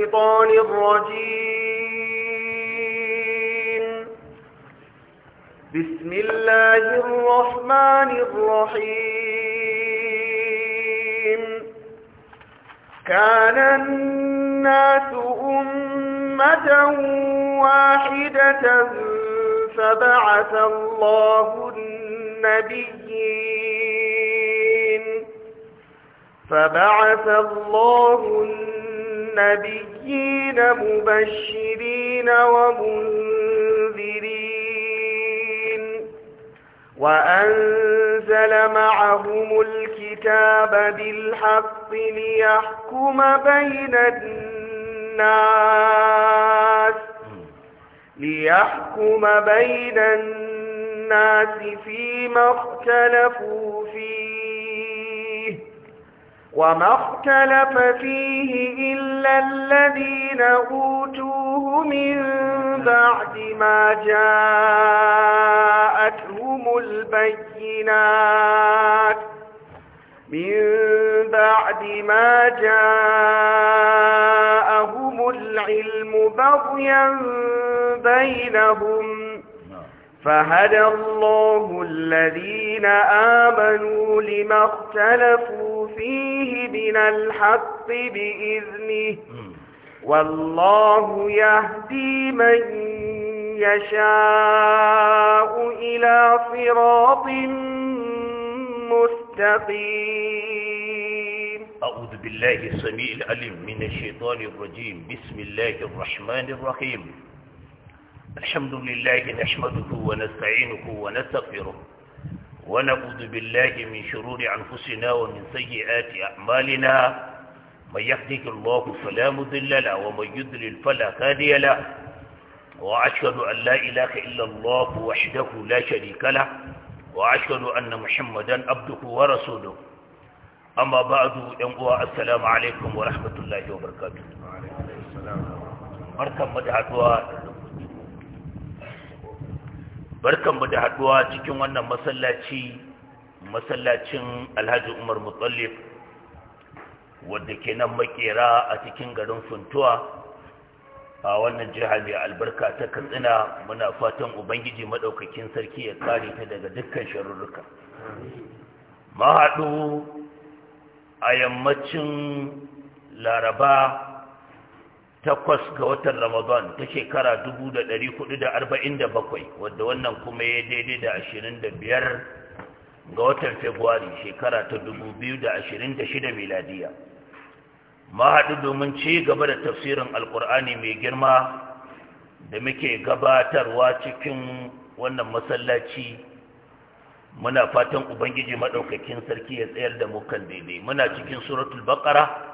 الشيطان الرجيم بسم الله الرحمن الرحيم كان الناس أمة واحدة فبعث الله النبيين فبعث الله النبيين المسكين مبشرين ومنذرين وأنزل معهم الكتاب بالحق ليحكم بين الناس ليحكم بين الناس فيما اختلفوا وما اختلف فيه إلا الذين أوتوه من بعد ما جاءتهم البينات من بعد ما جاءهم العلم بغيا بينهم فهدى الله الذين آمنوا لما اختلفوا فيه من الحق بإذنه والله يهدي من يشاء إلى صراط مستقيم أعوذ بالله السميع العليم من الشيطان الرجيم بسم الله الرحمن الرحيم الحمد لله نحمده ونستعينه ونستغفره ونعوذ بالله من شرور أنفسنا ومن سيئات أعمالنا من يهدك الله فلا مذل له ومن يذلل فلا هادي له وأشهد أن لا إله إلا الله وحده لا شريك له وأشهد أن محمدا عبده ورسوله أما بعد ينقوى السلام عليكم ورحمة الله وبركاته وعليكم السلام ورحمة الله وبركاته barkanmu da haduwa cikin wannan masallaci masallacin alhaji umar mutallif wadda ke nan makera a cikin garin funtuwa a wannan jiha mai albarka ta katsina muna fatan ubangiji maɗaukakin sarki ya kare ta daga dukkan sharurruka mahaɗu a yammacin laraba takwas ga watan ramadan ta shekara dubu da ɗari hudu da arba'in da bakwai wadda wannan kuma ya daidai da ashirin da biyar ga watan februari shekara ta dubu biyu da ashirin da shida miladiya ma haɗu domin ci gaba da tafsirin alkur'ani mai girma da muke gabatarwa cikin wannan masallaci muna fatan ubangiji maɗaukakin sarki ya tsayar da mu kan daidai muna cikin suratul baƙara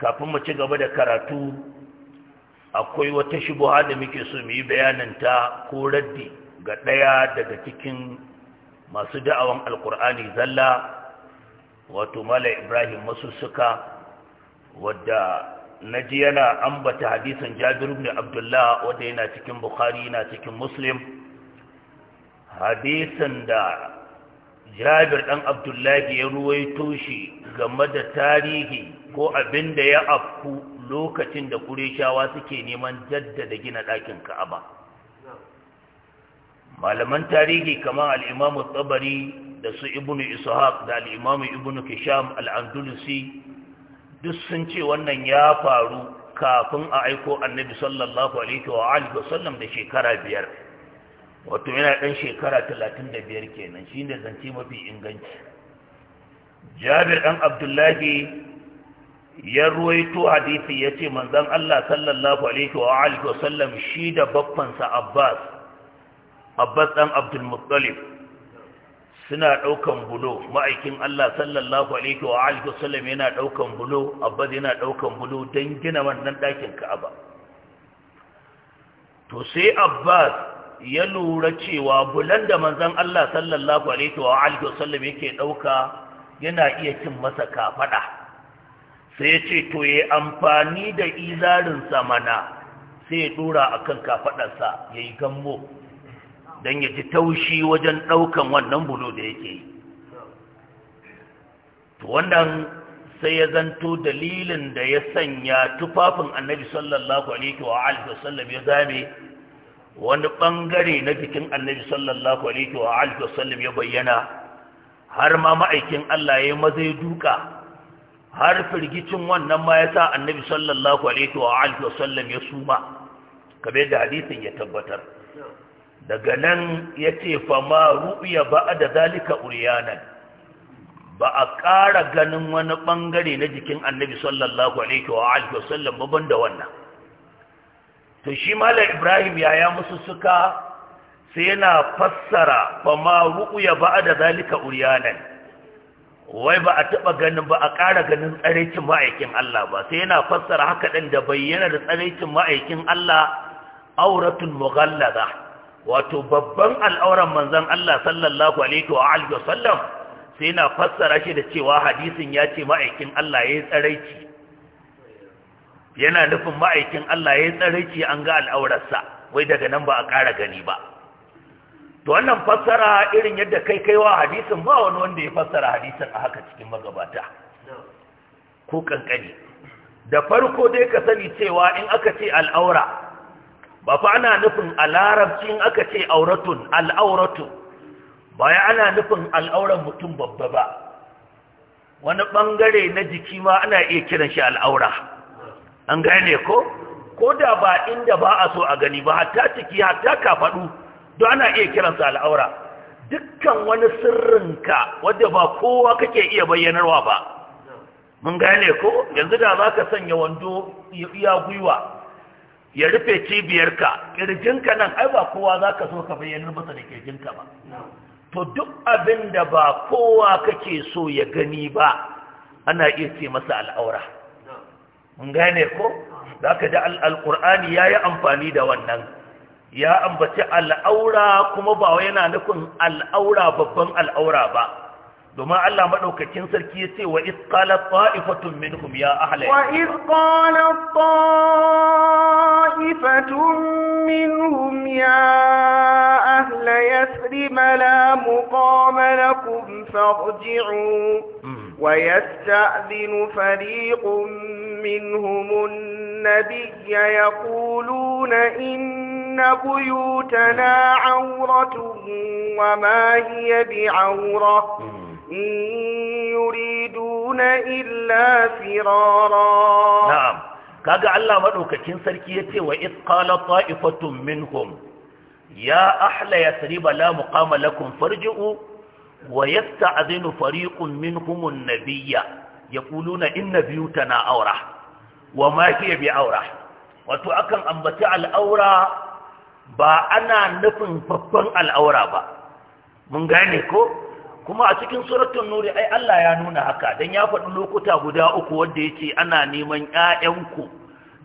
kafin mu ci gaba da karatu akwai wata shubuha da muke so mu yi ta ko raddi ga ɗaya daga cikin masu da'awan alkur'ani zalla wato mala ibrahim Suka, wadda naji yana ambata hadisin jabir ibn abdullah wadda yana cikin bukhari yana cikin muslim Hadisan da jabir dan abdullahi ya ruwaito shi game da tarihi ko abin da ya afku lokacin da kureshawa suke neman jaddada gina ɗakin ka'aba malaman tarihi kamar al'imamu tsabari da su ibnu ishaq da al'imamu ibnu kisham al'andalusi duk sun ce wannan ya faru kafin a aiko annabi sallallahu alaihi wa alihi wasallam da shekara biyar wato yana ɗan shekara talatin da biyar kenan shine zance mafi inganci jabir ɗan abdullahi ya ruwaito hadisi ya ce manzan Allah sallallahu alaihi wa Alaihi wa sallam shi da babbansa Abbas Abbas dan Abdul Muttalib suna ɗaukan bulo ma'aikin Allah sallallahu alaihi wa Alaihi wa sallam yana ɗaukan bulo Abbas yana ɗaukan bulo don gina wannan ɗakin Ka'aba to sai Abbas ya lura cewa bulan da manzan Allah sallallahu alaihi wa Alaihi wa sallam yake ɗauka yana iya cin masa kafaɗa. sai ce to ya amfani da izarinsa mana sai ya dora a kan kafaɗarsa ya yi gambo don ya ji taushi wajen ɗaukan wannan bulo da yake yi to wannan sai ya zanto dalilin da ya sanya tufafin annabi sallallahu alaihi wa alihi wasallam ya zame wani ɓangare na jikin annabi sallallahu alaihi wa alihi wasallam ya bayyana har ma ma'aikin Allah ya maza ya duka har firgicin wannan ma ya sa annabi sallallahu alaihi wa alihi wasallam ya suma kamar da hadisin ya tabbatar daga nan ya ce fama ru'ya ba'da da zalika uryana ba a ƙara ganin wani ɓangare na jikin annabi sallallahu alaihi wa alihi wasallam ba da wannan to shi malam ibrahim ya ya musu suka sai yana fassara fama ru'ya ba'da da zalika uryana wai ba a taɓa ganin ba a ƙara ganin tsaraicin ma'aikin Allah ba sai yana fassara haka ɗin da bayyana da tsaraicin ma'aikin Allah auratun mughallaza wato babban al'auran manzon Allah sallallahu alaihi wa alihi wasallam sai yana fassara shi da cewa hadisin ya ce ma'aikin Allah yi tsaraici yana nufin ma'aikin Allah yayi tsaraici an ga al'aurarsa wai daga nan ba a ƙara gani ba to wannan fassara irin yadda kai kaiwa hadisin ba wani wanda ya fassara hadisin a haka cikin magabata ko kankani da farko dai ka sani cewa in aka ce al'aura ba fa ana nufin al'arabci in aka ce auratun al'auratu ba ya ana nufin al'auran mutum babba ba wani bangare na jiki ma ana iya kiran shi al'aura an gane ko ko da ba inda ba a so a gani ba hatta ciki hatta kafaɗu don ana iya kiransa al'aura dukkan wani sirrinka wadda ba kowa kake iya bayyanarwa ba mun gane ko yanzu da za ka sanya wando ya gwiwa ya rufe cibiyarka ƙirjinka nan ai ba kowa za ka so ka bayyanar masa da ƙirjinka ba to duk abin da ba kowa kake so ya gani ba ana iya ce masa al'aura mun gane ko za ka ji al'ur'ani ya yi amfani da wannan ya ambaci al'aura kuma ba wa yana nufin al'aura babban al'aura ba domin Allah madaukakin sarki ya ce wa iz qala ta'ifatun minhum ya ahla wa iz ta'ifatun minhum ya ahla yathrib la muqama lakum farji'u hmm. wa yasta'dhinu fariqun minhum an ya yaquluna in إن بيوتنا عورة وما هي بعورة إن يريدون إلا فرارا نعم كاقع الله مدوك تنسر كيتي وإذ قال طائفة منهم يا أحلى يا سريب لا مقام لكم فرجعوا ويستعذن فريق منهم النبي يقولون إن بيوتنا أورا وما هي بعورة وتؤكد أن بتاع الأورة ba ana nufin babban al'aura ba mun gane ko kuma a cikin suratun nuri ai Allah ya nuna haka dan ya faɗi lokuta guda uku wanda yake ana neman ƴaƴanku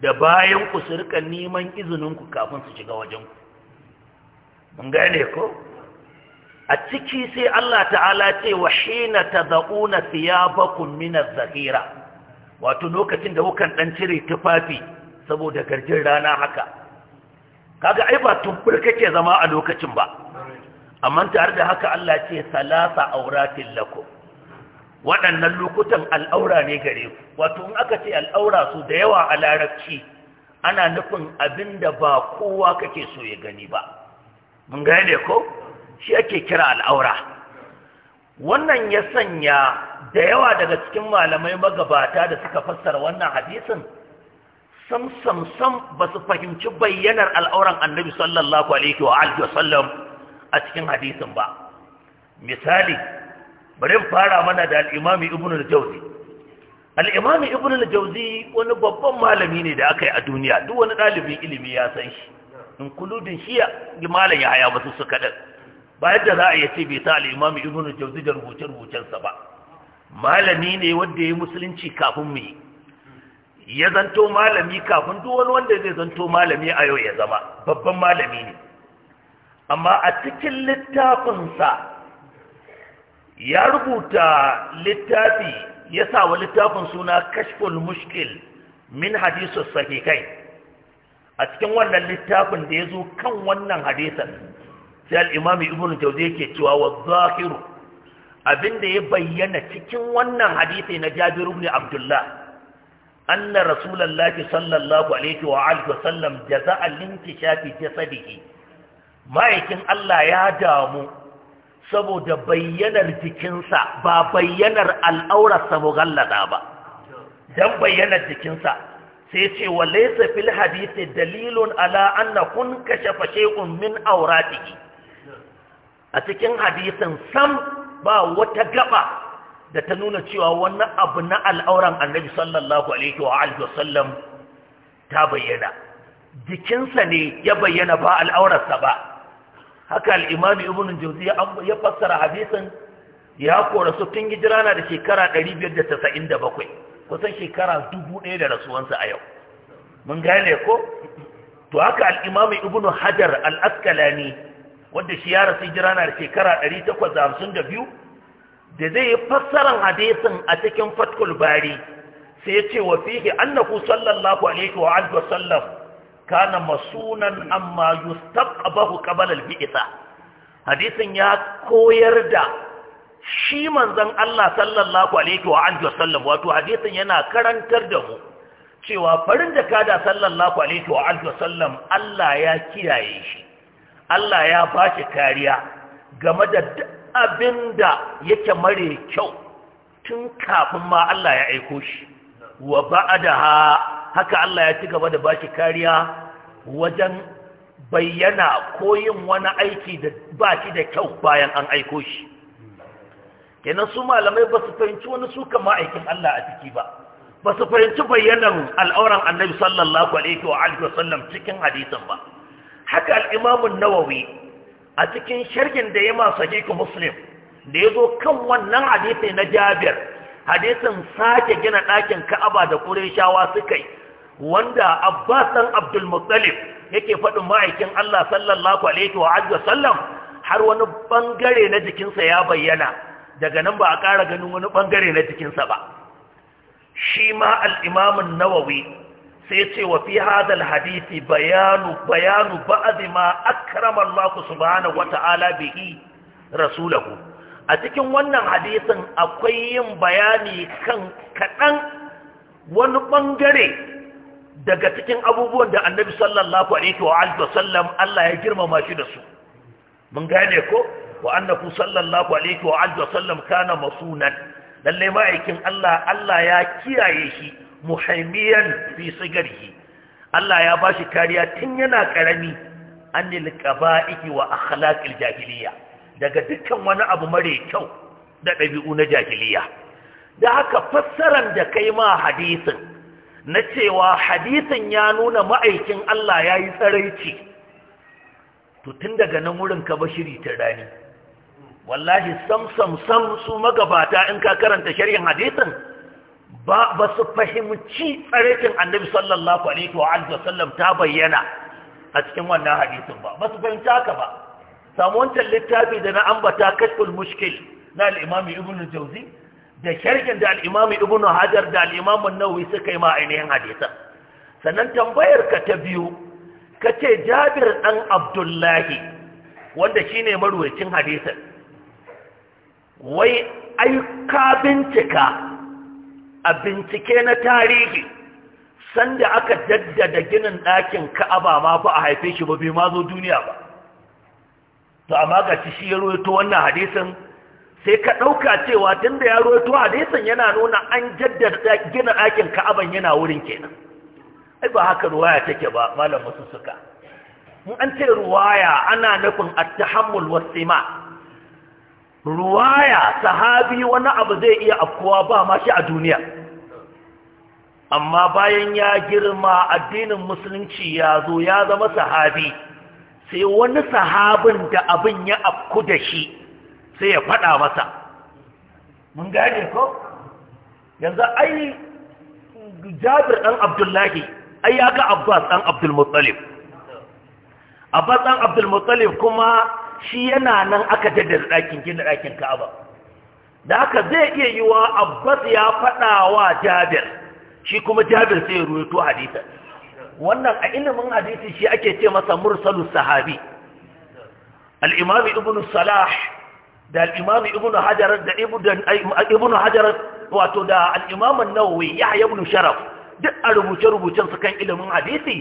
da bayanku su rika neman izininku kafin su shiga wajenku mun gane ko a ciki sai Allah ta'ala ce wa hina tadauna thiyabakum min az-zahira wato lokacin da kukan dan cire tufafi saboda garjin rana haka kaga ai ba tumbur kake zama a lokacin ba amma tare da haka Allah ce salasa auratin lakum waɗannan lokutan al'aura ne gare ku wato in aka ce al'aura su da yawa a larabci ana nufin abin da ba kowa kake so ya gani ba mun gane ko shi ake kira al'aura wannan ya sanya da yawa daga cikin malamai magabata da suka fassara wannan hadisin sam sam sam ba su fahimci bayyanar al'auran annabi sallallahu alaihi wa alihi wa sallam a cikin hadisin ba misali bari fara mana da al'imami ibn al-jawzi al'imami ibn al-jawzi wani babban malami ne da aka yi a duniya duk wani ɗalibin ilimi ya san shi inkuludin shi ya malam ya haya musu suka da ba yadda za a yi ce bai sa al'imami ibn al-jawzi da rubuce-rubucensa ba malami ne wanda ya yi musulunci kafin mu yi ya zanto malami kafin duk wani wanda zai zanto malami a yau ya zama babban malami ne amma a cikin littafinsa ya rubuta littafi ya sa wa littafin suna kashful mushkil min hadisu sahihai a cikin wannan littafin da ya zo kan wannan hadisan sai al'imami ibn jauzi yake cewa wa zahiru abinda ya bayyana cikin wannan hadisai na jabiru ne abdullah anna رسول الله صلى الله عليه وآله وسلم جزاء الانكشاف جسده ما يكن الله يا saboda bayyanar jikinsa ba bayyanar al'aurarsa mughallada ba dan bayyanar jikinsa sai ce wa laysa fil dalilun ala anna kun kashafa shay'un min auratihi a cikin hadisin sam ba wata gaba da ta nuna cewa wannan abu na al'auran annabi sallallahu alaihi wa alihi wa sallam ta bayyana jikinsa ne ya bayyana ba al'aurarsa ba haka al'imami ibn jauzi ya fassara hadisin ya kora su tun hijira na da shekara 597 kusan shekara 1000 da rasuwansa a yau mun gane ko to haka al'imami ibn hajar al'askalani wadda shi ya rasu hijira na da shekara 852 da zai yi fassaran hadisin a cikin fatkul bari sai ce wa fihi annahu sallallahu alaihi wa alihi wasallam kana masunan amma yustaqbahu qabala al-bi'sa hadisin ya koyar da shi manzon Allah sallallahu alaihi wa alihi wasallam wato hadisin yana karantar da mu cewa farin da kada sallallahu alaihi wa alihi wasallam Allah ya kiyaye shi Allah ya ba shi kariya game da abin da yake mare kyau tun kafin ma Allah ya aiko shi wa ba'adaha haka Allah ya ci gaba da baki kariya wajen bayyana ko yin wani aiki da baki da kyau bayan an aiko shi kenan su malamai ba su fahimci wani suka ma'aikin Allah a ciki ba ba su fahimci bayyanar al'auran annabi sallallahu alaihi wa alihi cikin hadisin ba haka al nawawi a cikin sharhin da ya masu sahihu muslim da ya zo kan wannan hadisai na jabir hadisin sake gina ɗakin ka'aba da ƙureshawa suka yi wanda abbasan abdulmutsalif yake faɗin ma'aikin allah sallallahu alaihi wa ajiyar sallam har wani ɓangare na jikinsa ya bayyana daga nan ba a ƙara ganin wani ɓangare na jikinsa ba shi ma al'imamin nawawi sai ce wa fi hadal hadisi bayanu bayanu ba'azi akrama Allah subhanahu wata'ala bihi rasulahu a cikin wannan hadisin akwai yin bayani kan kaɗan wani ɓangare daga cikin abubuwan da annabi sallallahu alaihi wa alihi wasallam Allah ya girmama shi da su mun gane ko wa annahu sallallahu alaihi wa alihi wasallam kana masunan lalle ma'aikin Allah Allah ya kiyaye shi muhaimiyan fi sigarhi Allah ya bashi kariya tun yana karami anil qaba'iki wa akhlaqil jahiliya daga dukkan wani abu mare kyau da ɗabi'u na jahiliya da haka fassaran da kai ma hadisin na cewa hadisin ya nuna ma'aikin Allah ya yi tsaraici to tun daga nan wurin ka bashiri ta rani wallahi sam sam sam su magabata in ka karanta sharhin hadisin ba ba su fahimci tsaraicin annabi sallallahu alaihi wa sallam ta bayyana a cikin wannan hadisin ba ba su fahimci haka ba samu wancan littafi da na ambata kashful mushkil na al-imam ibn jawzi da sharhin da al-imam ibn hajar da al-imam suka yi ma ainihin hadisan sannan tambayar ka ta biyu kace jabir dan abdullahi wanda shine marwayacin hadisin wai ai ka bincika a bincike na tarihi sanda aka jaddada ginin ɗakin ka'aba ma fa a haife shi ba bai ma zo duniya ba to amma ga shi ya wannan hadisin sai ka ɗauka cewa tunda ya to hadisin yana nuna an jaddada ginin ɗakin ka'aban yana wurin kenan ai ba haka ruwaya take ba malam musu suka Mun an ce ruwaya ana nufin at-tahammul was-sima ruwaya sahabi wani abu zai iya afkuwa ba ma shi a duniya amma bayan ya girma addinin musulunci ya zo ya zama sahabi sai wani sahabin da abin ya afku da shi sai ya faɗa masa mun gane ko yanzu ai jabir ɗan abdullahi ai ya ga abbas ɗan abdulmutsalif abbas ɗan abdulmutsalif kuma shi yana nan aka jaddada ɗakin gina ɗakin ka'aba da haka zai iya yiwa abbas ya faɗa wa jabir shi kuma jabir sai ya ruwaito hadisa wannan a ilimin hadisi shi ake ce masa mursalu sahabi al-imam ibn salah da al-imam ibn hajar da ibn hajar wato da al-imam an-nawawi yahya ibn sharaf duk a rubuce rubucen su kan ilimin hadisi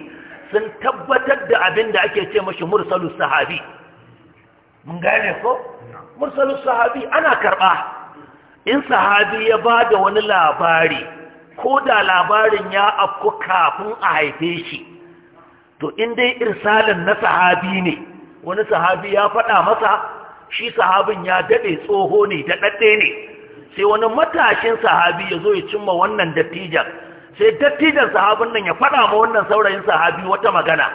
sun tabbatar da abin da ake ce mashi mursalu sahabi mun gane ko mursalu sahabi ana karba in sahabi ya bada wani labari ko da labarin ya afku kafin a haife shi to in dai irsalin na sahabi ne wani sahabi ya faɗa masa shi sahabin ya daɗe tsoho ne da daɗaɗɗe ne sai wani matashin sahabi ya zo ya cimma wannan dattijan sai dattijan sahabin nan ya faɗa ma wannan saurayin sahabi wata magana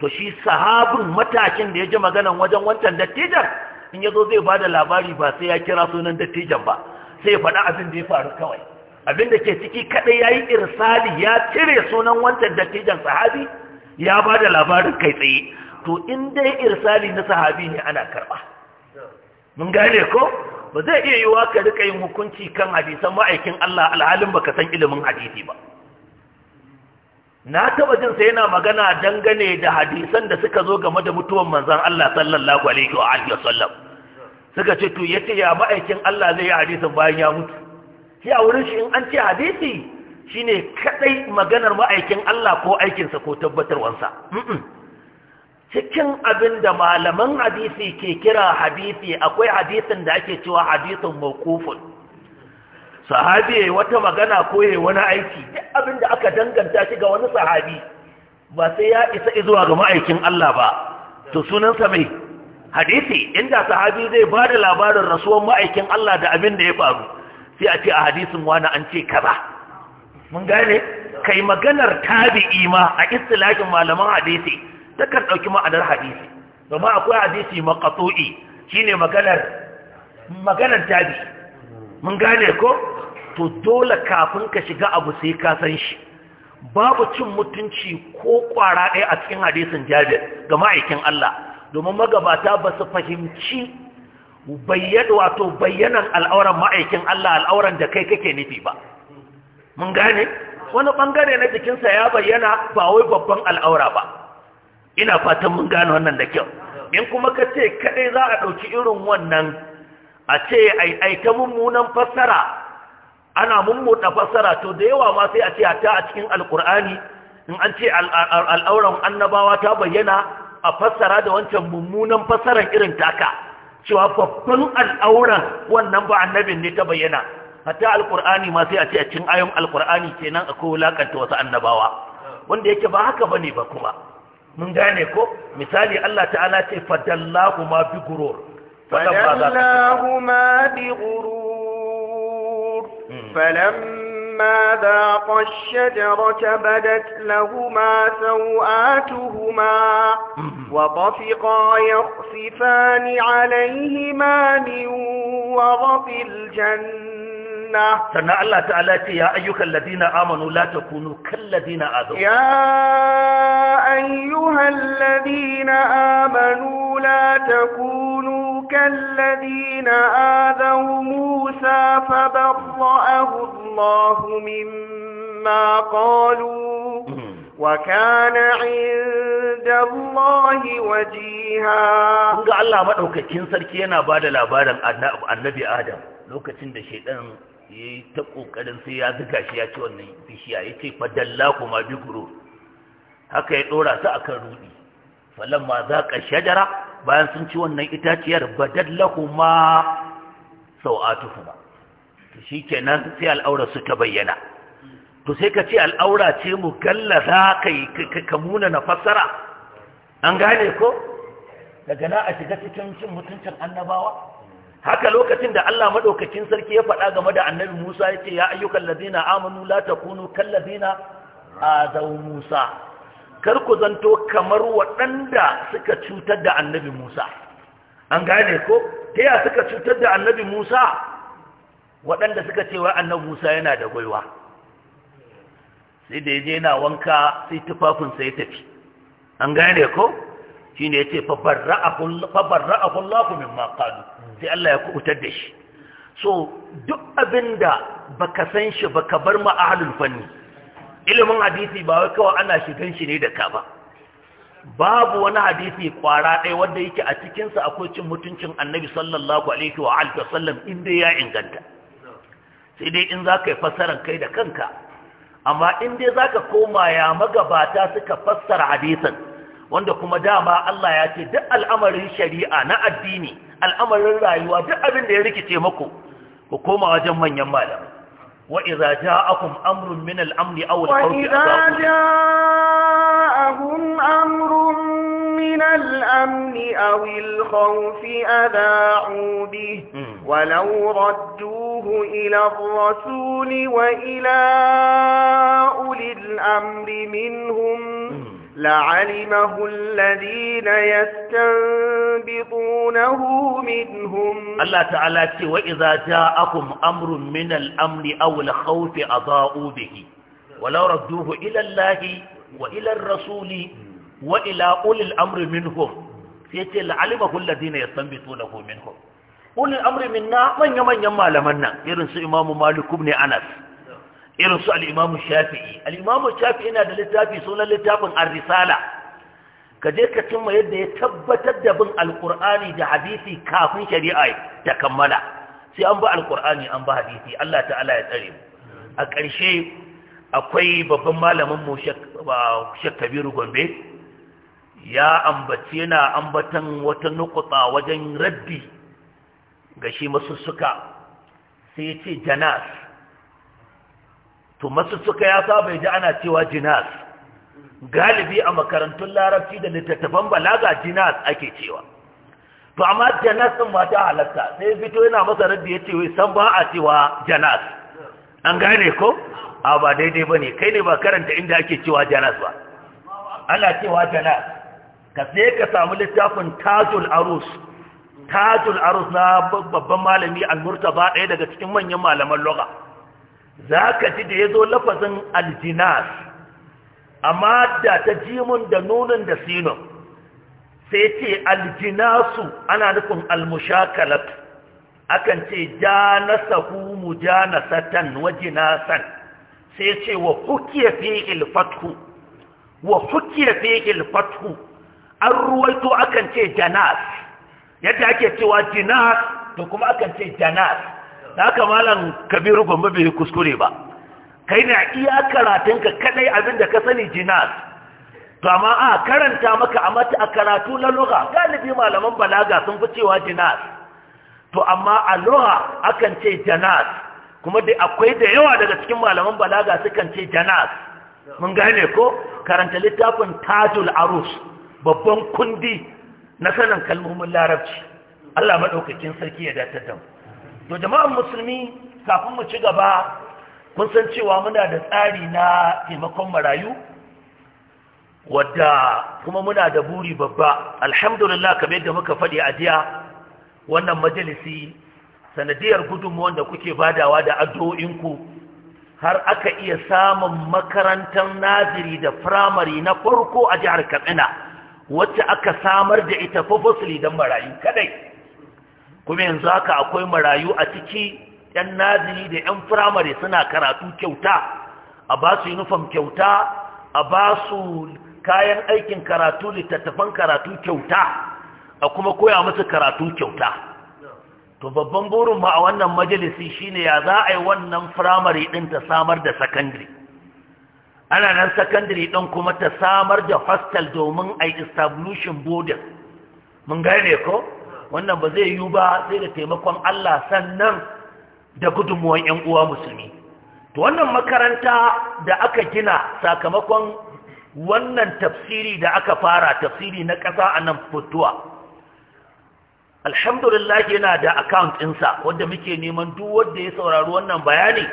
to shi sahabin matashin da ya ji maganan wajen wancan dattijan in ya zo zai ba da labari ba sai ya kira sunan dattijan ba sai ya faɗa abin da ya faru kawai abinda ke ciki kadai yayi irsali ya cire sunan wancan dattijan sahabi ya ba da labarin kai tsaye to in dai irsali na sahabi ne ana karba mun gane ko ba zai iya yiwa ka rika yin hukunci kan hadisan ma'aikin Allah alhalin baka san ilimin hadisi ba na taba jin sai yana magana dangane da hadisan da suka zo game da mutuwan manzon Allah sallallahu alaihi wa alihi wasallam suka ce to yace ya ma'aikin Allah zai yi hadisin bayan ya mutu sai a wurin shi in an ce hadisi shine kadai maganar ma'aikin Allah ko aikinsa ko tabbatarwansa cikin abin da malaman hadisi ke kira hadisi akwai hadisin da ake cewa hadisin mawqufun sahabi wata magana ko wani aiki duk abin da aka danganta shi ga wani sahabi ba sai ya isa izuwa ga ma'aikin Allah ba to sunansa mai hadisi inda sahabi zai ba da labarin rasuwan ma'aikin Allah da abin da ya faru sai a ce a hadisin wani an ce kaza mun gane kai maganar tabi'i ma a istilahin malaman hadisi takan ɗauki ma'anar hadisi domin akwai hadisi maqatu'i shine maganar maganar tabi'i mun gane ko to dole kafin ka shiga abu sai ka san shi babu cin mutunci ko kwara ɗaya a cikin hadisin jabir ga ma'aikin Allah domin magabata ba su fahimci bayyana wato bayyanan al'auran ma'aikin Allah al'auran da kai kake nufi ba mun gane wani bangare na jikinsa ya bayyana ba wai babban al'aura ba ina fatan mun gane wannan da kyau in kuma ka ce kadai za a ɗauki irin wannan a ce ai ta mummunan fassara ana mummuta fassara to da yawa ma sai a ce ta a cikin alkur'ani in an ce al'auran annabawa ta bayyana a fassara da wancan mummunan fassaran irin taka cewa babban al'aura wannan ba annabin ne ta bayyana hatta alkur'ani ma sai a ce a cin ayon alkur'ani kenan akwai wulakanta wasu annabawa wanda yake ba haka bane ba kuma mun gane ko misali Allah ta'ala ce fadallahu ma bi gurur fadallahu ma bi gurur hmm. falamma فلما ذاق الشجرة بدت لهما سوآتهما وطفقا يخصفان عليهما من ورق الجنة الجنة سنع الله تعالى يا أيها الذين آمنوا لا تكونوا كالذين آذوا يا أيها الذين آمنوا لا تكونوا كالذين آذوا موسى فبرأه الله مما قالوا وكان عند الله وجيها كنت الله ما أوكي كنسر كينا بعد لا بعد النبي آدم لوكتين دا شيطان ya yi ta ƙoƙarin sai ya zuga shi ya ci wannan bishiya ya ce fadalla kuma bi haka ya ɗora su a kan ruɗi falon ma za ka shajara bayan sun ci wannan itaciyar badalla kuma sau'atu kuma to shi kenan sai al'aura su ta bayyana to sai ka ce al'aura ce mu kalla ka yi ka muna na fassara an gane ko daga na a shiga cikin cin mutuncin annabawa haka lokacin da Allah madaukakin sarki ya faɗa game da annabi Musa ya ce ya ayyukan ladina amanu la takunu kal ladina azaw Musa kar ku zanto kamar waɗanda suka cutar da annabi Musa an gane ko ta ya suka cutar da annabi Musa waɗanda suka ce wa annabi Musa yana da gwiwa. sai da yaje yana wanka sai tufafinsa ya tafi an gane ko shine yace fa barra'a fa barra'a Allahu mimma qalu sai Allah ya kubutar da shi so duk abinda baka san shi baka bar ma ahlul fanni ilimin hadisi ba wai kawai ana shigan shi ne da ka ba babu wani hadisi kwara ɗaya wanda yake a cikin sa akwai cin mutuncin Annabi sallallahu alaihi wa alihi wasallam inda ya inganta sai dai in zaka yi fassaran kai da kanka amma inda dai zaka koma ya magabata suka fassara hadisin wanda kuma dama Allah ya ce duk al'amarin shari'a na addini al'amarin rayuwa duk abin da ya rikice muku ku koma wajen manyan malam. wa idza ja'akum amrun min al-amri aw al-khawfi wa idza ja'akum amrun من الأمن hmm. Wa الخوف أذاعوا به ولو ردوه إلى الرسول وإلى أولي الأمر منهم لعلمه الذين يستنبطونه منهم الله تعالى وإذا جاءكم أمر من الأمر أو الخوف أضاءوا به ولو ردوه إلى الله وإلى الرسول وإلى أولي الأمر منهم سيتي لعلمه الذين يستنبطونه منهم أولي الأمر منا من يمن يمال منا إرنس إمام مالك بن أنس irin su al'imamu shafi'i al'imamu shafi'i na da littafi sunan littafin ar-risala ka je ka cimma yadda ya tabbatar da bin alƙur'ani da hadisi kafin shari'a ta kammala sai an ba alƙur'ani an ba hadisi Allah ta'ala ya tsare mu a ƙarshe akwai babban malamin mu Sheikh Kabiru Gombe ya ambace yana ambatan wata nukuta wajen raddi ga shi masussuka sai ya ce janas to masussuka ya saba ya ji ana cewa jinas galibi a makarantun larabci da littattafan balaga jinas ake cewa to amma janas ɗin ba ta halatta sai fito yana masa raddi ya ce wai san ba a cewa jinas an gane ko a ba daidai ba ne kai ne ba karanta inda ake cewa jinas ba ana cewa jinas ka sai ka samu littafin tajul arus tajul arus na babban malami al-murtaba ɗaya daga cikin manyan malaman lugha za ka ji da ya zo lafazin aljinas amma da ta jimun da nunin da sinon sai ce aljinasu ana nufin almushakalat akan ce ja janasahu mujanasatan wajinasan sai ce wa hukiya fi ilfatku wa hukiya fi ilfatku an ruwaito akan ce janas yadda ake cewa jinas to kuma akan ce janas da haka malam kabiru ba bai kuskure ba kai na iya karatunka kadai abin da ka sani jinas to amma a karanta maka a mata a karatu na lugha galibi malaman balaga sun fi cewa jinas to amma a lugha akan ce janas kuma dai akwai da yawa daga cikin malaman balaga sukan ce janas mun gane ko karanta littafin tajul arus babban kundi na sanin kalmomin larabci Allah maɗaukakin sarki ya datar da mu to jama'an musulmi kafin mu ci gaba kun san cewa muna da tsari na taimakon marayu wadda kuma muna da buri babba alhamdulillah kamar yadda muka faɗi a jiya wannan majalisi sanadiyar gudunmuwan da kuke badawa da addu'o'inku har aka iya samun makarantar naziri da firamare na farko a jihar katsina wacce aka samar da ita fafosili don marayu kadai kuma yanzu haka akwai marayu a ciki yan naziri da yan firamare suna karatu kyauta a ba su kyauta a ba su kayan aikin karatu littattafan karatu kyauta a kuma koya musu karatu kyauta to babban burin ma a wannan majalisi shine ya za a yi wannan firamare ɗin ta samar da sakandare ana nan sakandare ɗin kuma ta samar da hostel domin a yi establishing boarding mun gane ko wannan ba zai yiwu ba sai da taimakon Allah sannan da gudunmuwan 'yan uwa musulmi to wannan makaranta da aka gina sakamakon wannan tafsiri da aka fara tafsiri na ƙasa a nan fotuwa alhamdulillah yana da account ɗinsa wadda muke neman duk wanda ya saurari wannan bayani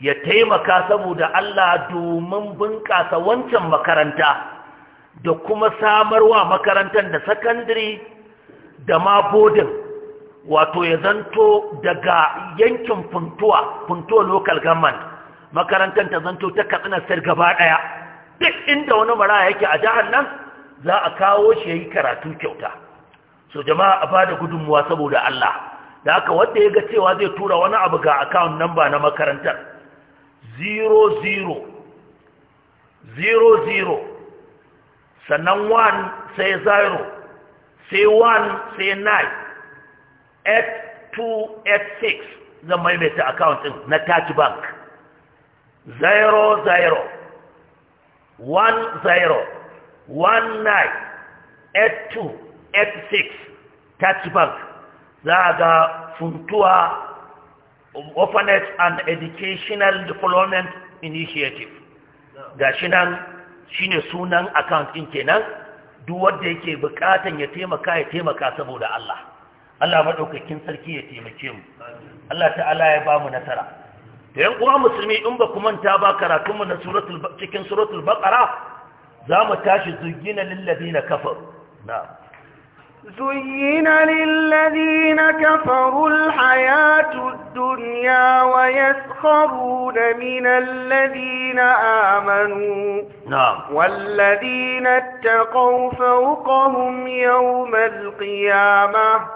ya taimaka saboda Allah domin bunƙasa wancan makaranta da kuma samarwa makarantar da sakandare da ma bodin wato ya zanto daga yankin funtuwa funtuwa local government makarantar ta zanto ta katsina sir gaba daya duk inda wani mara yake a jihar nan za a kawo shi yayi karatu kyauta so jama'a a bada gudunmuwa saboda Allah da haka wanda ya ga cewa zai tura wani abu ga account number na makarantar 00 00 sannan 1 sai 0 sai 1 sai 9 8286 zan maimaita account din na touch bank 00 10 19 8286 touch bank za a ga funtuwa orphanage and educational development initiative gashi nan shine sunan account din kenan duk wanda yake bukatan ya taimaka ya taimaka saboda Allah Allah maɗaukakin sarki ya taimake mu Allah ta'ala ya ba mu nasara to yan uwa musulmi in ba ku manta ba karatun mu na suratul cikin suratul baqara zamu tashi zugina lil ladina kafaru na'am زين للذين كفروا الحياة الدنيا ويسخرون من الذين آمنوا نعم والذين اتقوا فوقهم يوم القيامة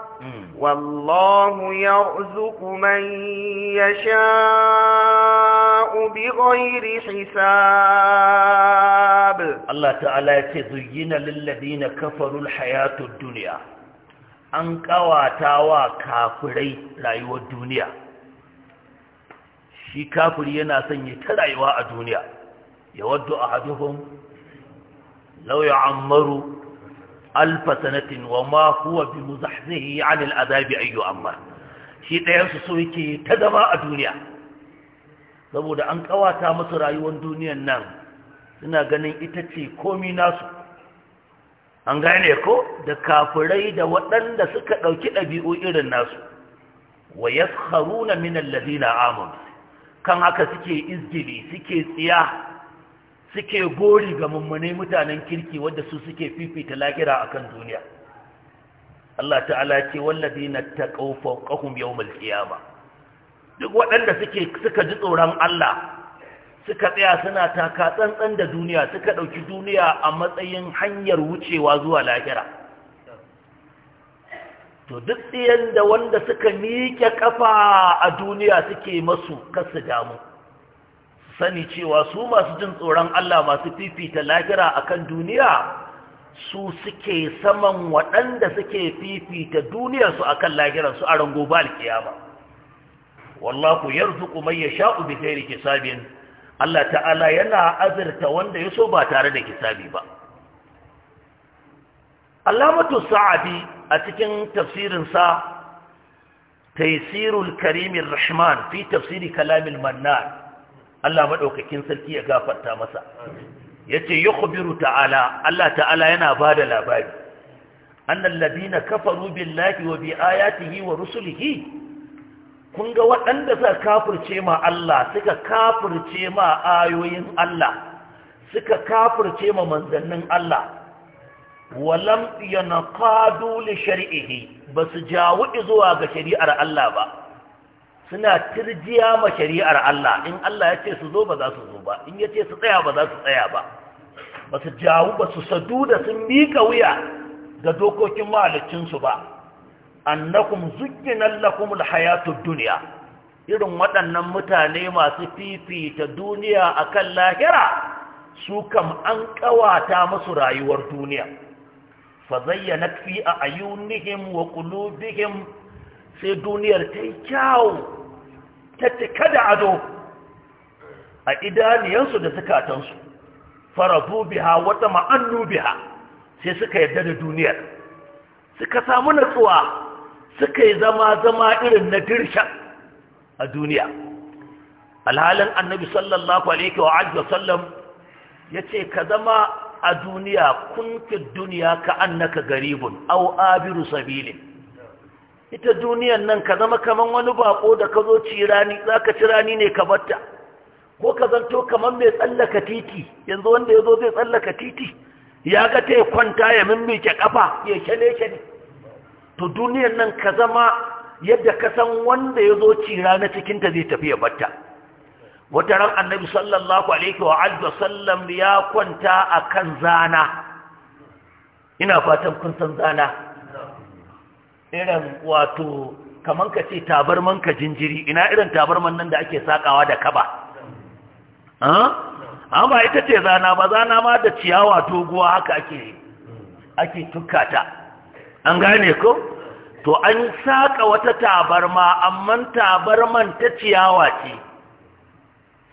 والله يرزق من يشاء الله بغير حساب الله تعالى تزين للذين كفروا الحياة duniya. an kawata wa kafirai rayuwar duniya shi yana son ta rayuwa a duniya ya waddu a haduhun lauya ammaru alfa sanatin wa ma huwa bi muzahzihi anil azabi ayyu amma shi ɗayansu so ke ta zama a duniya saboda an kawata musu rayuwar duniyan nan suna ganin ita ce komi nasu an gane ko da kafirai da waɗanda suka ɗauki ɗabi'u irin nasu wa yaskharuna min alladhina amanu kan haka suke izgili suke tsiya suke gori ga mummune mutanen kirki wadda su suke fifita lahira akan duniya Allah ta'ala ce wallazina taqaw fawqahum yawmal qiyamah duk waɗanda suke suka ji tsoron Allah suka tsaya suna taka tsantsan da duniya suka ɗauki duniya a matsayin hanyar wucewa zuwa lahira to duk ɗiyan da wanda suka miƙe ƙafa a duniya suke masu kasu damu sani cewa su masu jin tsoron Allah masu fifita lahira akan duniya su suke saman waɗanda suke fifita duniyarsu akan lahirarsu a rangobar kiyama wallahu yarzuqu man yasha'u bi ghairi hisabin Allah ta'ala yana azurta wanda ya so ba tare da hisabi ba Alamatu Sa'adi a cikin tafsirin sa Taysirul Karim Rahman fi tafsiri kalamin Mannan Allah madaukakin sarki ya gafarta masa yace yukhbiru ta'ala Allah ta'ala yana bada labari annal ladina kafaru billahi wa bi ayatihi wa rusulihi kun ga waɗanda suka kafirce ma Allah suka kafirce ma ayoyin Allah suka kafirce ma manzannin Allah walam yanqadu li shar'ihi basu jawu zuwa ga shari'ar Allah ba suna tirjiya ma shari'ar Allah in Allah ya ce su zo ba za su zo ba in ya ce su tsaya ba za su tsaya ba basu jawu basu sadu da sun mika wuya ga dokokin su ba annakum zukkinan lakum alhayatud dunya irin waɗannan mutane masu fifita duniya akan lahira su kam an ƙawata musu rayuwar duniya fa zayyana fi a ayunihim wa qulubihim sai duniyar ta yi kyawu ta cika da ado a idaniyansu da zukatansu farabu biha wata ma'annu biha sai suka yarda da duniyar suka samu natsuwa suka yi zama-zama irin na dirshan a duniya alhalin annabi sallallahu alaihi wa sallam, ya ce ka zama a duniya kunki duniya ka annaka garibun au abiru sabilin ita duniyan nan ka zama kamar wani baƙo da ka zo cirani za ka ci rani ne ka batta ko ka zanto kamar mai tsallaka titi yanzu wanda ya zo zai tsallaka titi ya ga ta kwanta ya mimmike kafa ya shane-shane to duniyar nan ka zama yadda ka san wanda ya zo cira na cikinta zai tafi ya batta wata ran annabi sallallahu alaihi wa alihi wasallam ya kwanta akan zana ina fatan kun san zana irin wato kaman ka ce tabarman ka jinjiri ina irin tabarman nan da ake sakawa da kaba amma ita ce zana ba zana ma da ciyawa doguwa haka ake ake tukata an gane ko to an saka wata tabarma amma tabarman ta ciyawa ce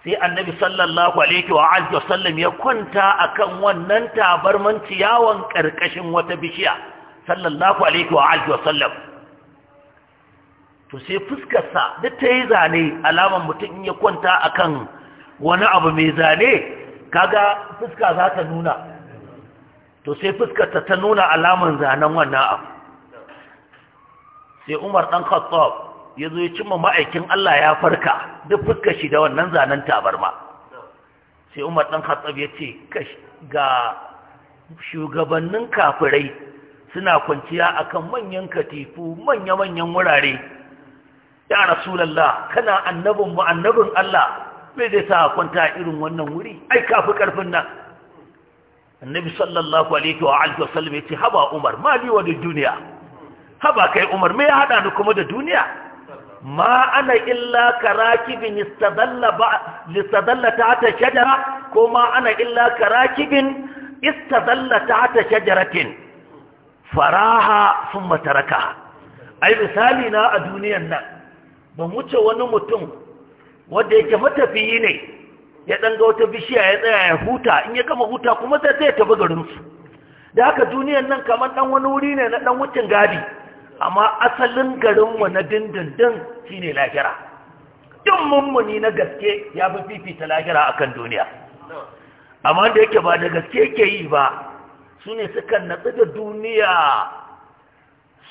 sai annabi sallallahu alaihi wa alihi wasallam ya kwanta akan wannan tabarman ciyawan karkashin wata bishiya sallallahu alaihi wa alihi wasallam to sai fuskar sa duk ta yi zane alaman mutum ya kwanta akan wani abu mai zane kaga fuska za ta nuna to sai fuskarta ta nuna alaman zanen wannan abu sai umar ɗan khattab ya zo ya cimma ma'aikin Allah ya farka duk fuskar shi da wannan zanen tabarma sai umar ɗan khattab ya ce ga shugabannin kafirai suna kwanciya akan manyan katifu manya-manyan wurare ya rasulallah kana annabin mu annabin Allah bai zai sa kwanta irin wannan wuri ai kafi karfin nan annabi sallallahu alaihi wa alihi wasallam yace haba umar ma li wa duniya haba kai umar me ya hada ni kuma da duniya ma ana illa karakibin istadalla ba istadalla ta'ata shajara ko ma ana illa karakibin istadalla ta'ata shajaratin faraha thumma tarakaha ai misali na a duniyan nan ban wuce wani mutum wanda yake matafiyi ne ya ɗan ga wata bishiya ya tsaya ya huta in ya gama huta kuma sai zai tabi garinsu da haka duniyan nan kamar ɗan wani wuri ne na ɗan wucin gadi amma asalin garin wa na dindindin shine lahira duk mummuni na gaske ya fi fifita lahira akan duniya amma da yake ba da gaske ke yi ba su ne suka natsu da duniya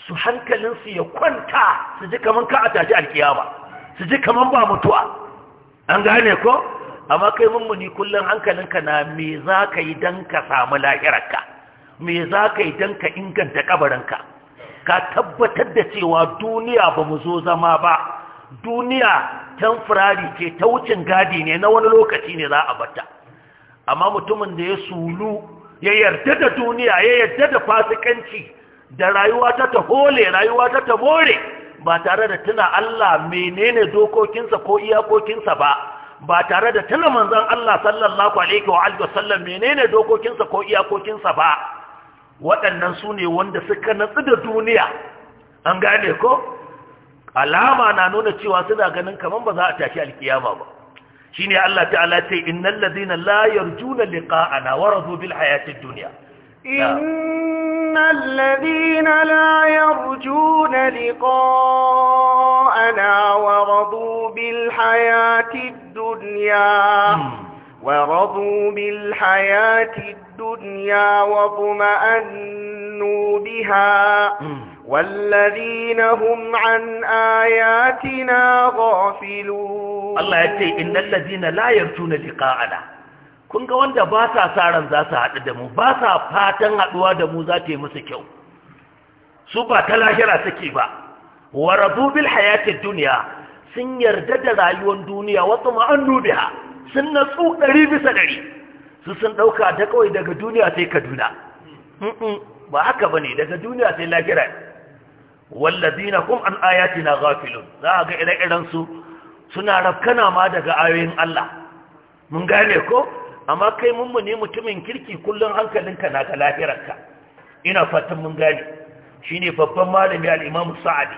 su hankalinsu ya kwanta su ji kamar ka a tashi alkiyama su ji kamar ba mutuwa an gane ko amma kai mummuni kullum hankalinka na me za ka yi don ka samu lahirarka me za ka yi don ka inganta kabarinka ka tabbatar da cewa duniya ba mu zo zama ba duniya tamfurari ce ta wucin gadi ne na wani lokaci ne za a bata amma mutumin da ya sulu ya yarda da duniya ya yarda da fasikanci da rayuwa ta ta hole rayuwa ta ta more ba tare da tuna Allah menene dokokinsa ko iyakokinsa ba ba tare da tana manzon Allah sallallahu alaihi wa alihi wasallam menene dokokinsa ko iyakokinsa ba waɗannan su ne wanda suka natsu da duniya an gane ko alama na nuna cewa suna ganin kaman ba za a tashi alkiyama ba shine Allah ta'ala ce innal ladina la yarjuna liqa'ana wa radu bil hayatid dunya إن الذين لا يرجون لقاءنا ورضوا بالحياة الدنيا ورضوا بالحياة الدنيا واطمأنوا بها والذين هم عن آياتنا غافلون الله يقول إن الذين لا يرجون لقاءنا kun ga wanda ba sa sa ran za su haɗu da mu ba sa fatan haɗuwa da mu za ta yi musu kyau su ba ta lahira suke ba wa rabu hayatid duniya sun yarda da rayuwar duniya wasu ma'annu biha sun natsu ɗari bisa ɗari su sun ɗauka da kawai daga duniya sai kaduna ba haka ba ne daga duniya sai lahira wallazina kum an ayatina ghafilun za a ga ire su. suna rafkana ma daga ayoyin Allah mun gane ko amma kai mummu ne mutumin kirki kullum hankalinka na ga lahirarka ina fatan mun gane shine babban malami al-Imam sa'adi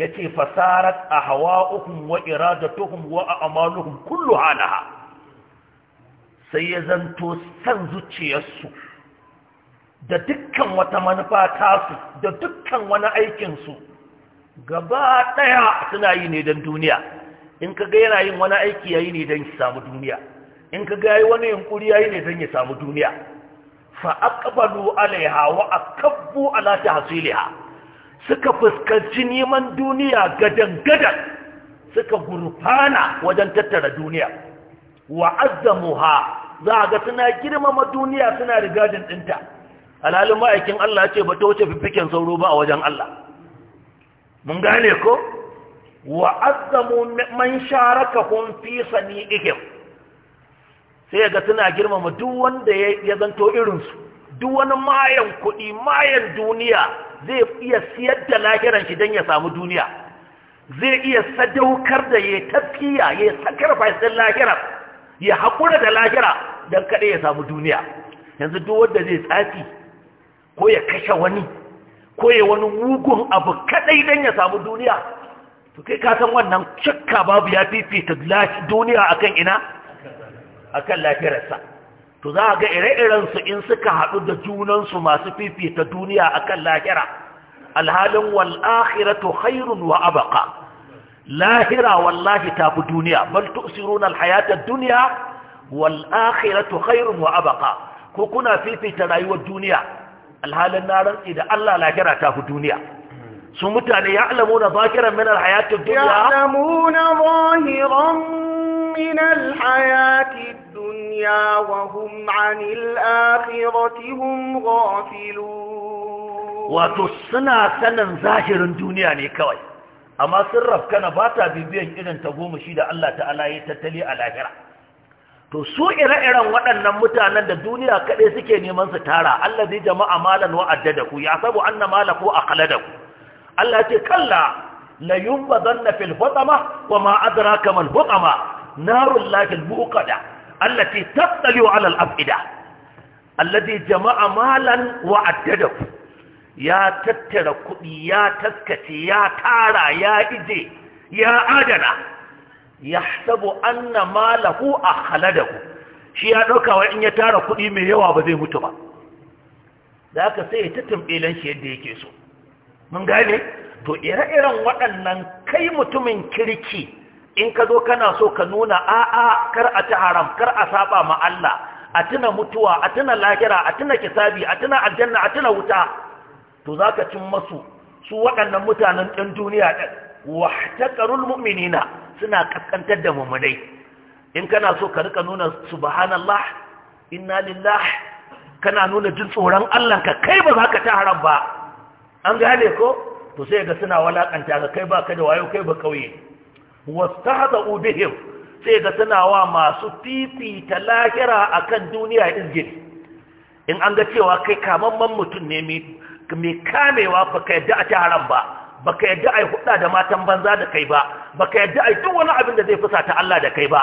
yace fasarat ahwa'uhum wa iradatuhum wa a'maluhum kullu halaha sai ya zanto san zuciyarsu da dukkan wata manufa su da dukkan wani aikinsu gaba ɗaya suna yi ne don duniya in ka ga yana yin wani aiki yayi ne don samu duniya in ka gayi wani yunkuri yayi ne don ya samu duniya fa aqbalu alaiha wa akabbu ala tahsiliha suka fuskanci neman duniya gadan gadan suka gurfana wajen tattara duniya wa azzamuha za ga suna girmama duniya suna rigajin dinta alhalin ma'aikin Allah ce ba ta wuce fifikin sauro ba a wajen Allah mun gane ko wa azzamu man sharaka kun fi sani'ihim sai ga suna girmama duk wanda ya zanto irinsu duk wani mayan kuɗi mayan duniya zai iya siyar da lahiran shi don ya samu duniya zai iya sadaukar da ya tafiya ya sacrifice din lahirar ya haƙura da lahira don kaɗai ya samu duniya yanzu duk wanda zai tsafi ko ya kashe wani ko ya wani mugun abu kaɗai don ya samu duniya to kai ka san wannan cikka babu ya fifita duniya akan ina akan lafiyarsa to za ga ire-iren su in suka haɗu da junansu masu fifita duniya akan lahira alhalin wal akhiratu khairun wa abqa lahira wallahi tafi duniya bal tu'siruna al hayata dunya wal akhiratu khairun wa abqa ko kuna fifita rayuwar duniya alhalin na rantsi da Allah lahira tafi duniya su mutane ya alamuna zakiran min alhayatid duniya. ya zahiran min الدنيا وهم عن الآخرة هم غافلون وتسنى سنة ظاهر الدنيا نكوي أما صرف كان باتا ببين إذن تقوم شيدا الله تعالى يتتلي على آخرة to su ire-iren waɗannan mutanen da duniya kaɗai suke neman su tara Allah zai jama'a malan wa'adda da ku ya sabu an na mala ko akala da ku Allah ce kalla la yunba zanna fil hutama wa ma adraka man hutama narul lahil allati tattaliu abida. al-afida alladhi jama'a malam wa addadahu ya tattara kuɗi ya taskace ya tara ya ije ya adana ya sabu anna malahu a haladahu shi ya ɗaukawa in ya tara kuɗi mai yawa ba zai mutu ba da aka sai ya tattun ɓelen shi yadda yake so mun gane to ire-iren waɗannan kai mutumin kirki in ka zo kana so ka nuna a'a kar a ci haram kar a saba ma Allah a tuna mutuwa a tuna lahira a tuna kisabi a tuna aljanna a tuna wuta to zaka cin masu su waɗannan mutanen ɗan duniya ɗin wahtaqarul mu'minina suna kaskantar da mu'minai in kana so ka rika nuna subhanallah inna lillah kana nuna jin tsoron Allah ka kai ba za ka ta haram ba an gane ko to sai ga suna walakanta ka kai ba ka da wayo kai ba kauye wastahza'u bihim sai ga tunawa masu titi ta lahira akan duniya izgiri in an ga cewa kai kamamman mutum ne mai kamewa baka yadda a taron ba baka yadda a yi hudda da matan banza da kai ba baka yadda a yi duk wani abin da zai fusa ta Allah da kai ba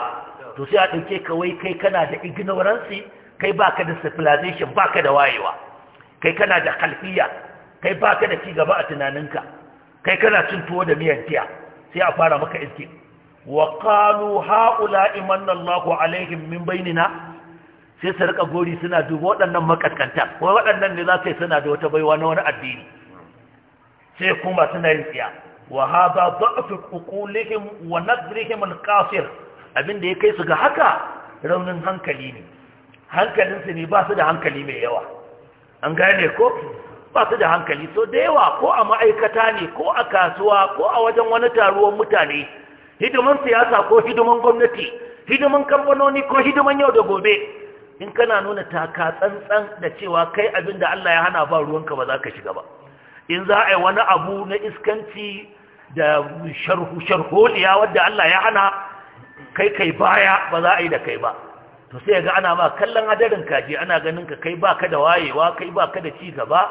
to sai a ɗauke kawai kai kana da ignorance kai baka da civilization baka da wayewa kai kana da kalfiya kai baka da cigaba a tunaninka kai kana cin tuwo da miyan tiya sai a fara maka iske wa qalu haula imanna Allahu alaihim min bainina sai su rika gori suna duba waɗannan makaskanta ko waɗannan ne za su yi suna da wata baiwa na wani addini sai kuma suna yin tsiya wa hadha da'fu qulihim wa nadrihim al abin abinda ya kai su ga haka raunin hankali ne hankalinsu ne ba su da hankali mai yawa an gane ko ba su da hankali so da yawa ko a ma'aikata ne ko a kasuwa ko a wajen wani taruwan mutane hidiman siyasa ko hidiman gwamnati hidiman kamfanoni ko hidiman yau da gobe in kana nuna taka tsantsan da cewa kai abin da Allah ya hana ba ruwanka ba za ka shiga ba in za a yi wani abu na iskanci da sharholiya wadda Allah ya hana kai kai baya ba za a yi da kai ba to sai ga ana ba kallon hadarin kaji ana ganin ka kai baka da wayewa kai baka da ci gaba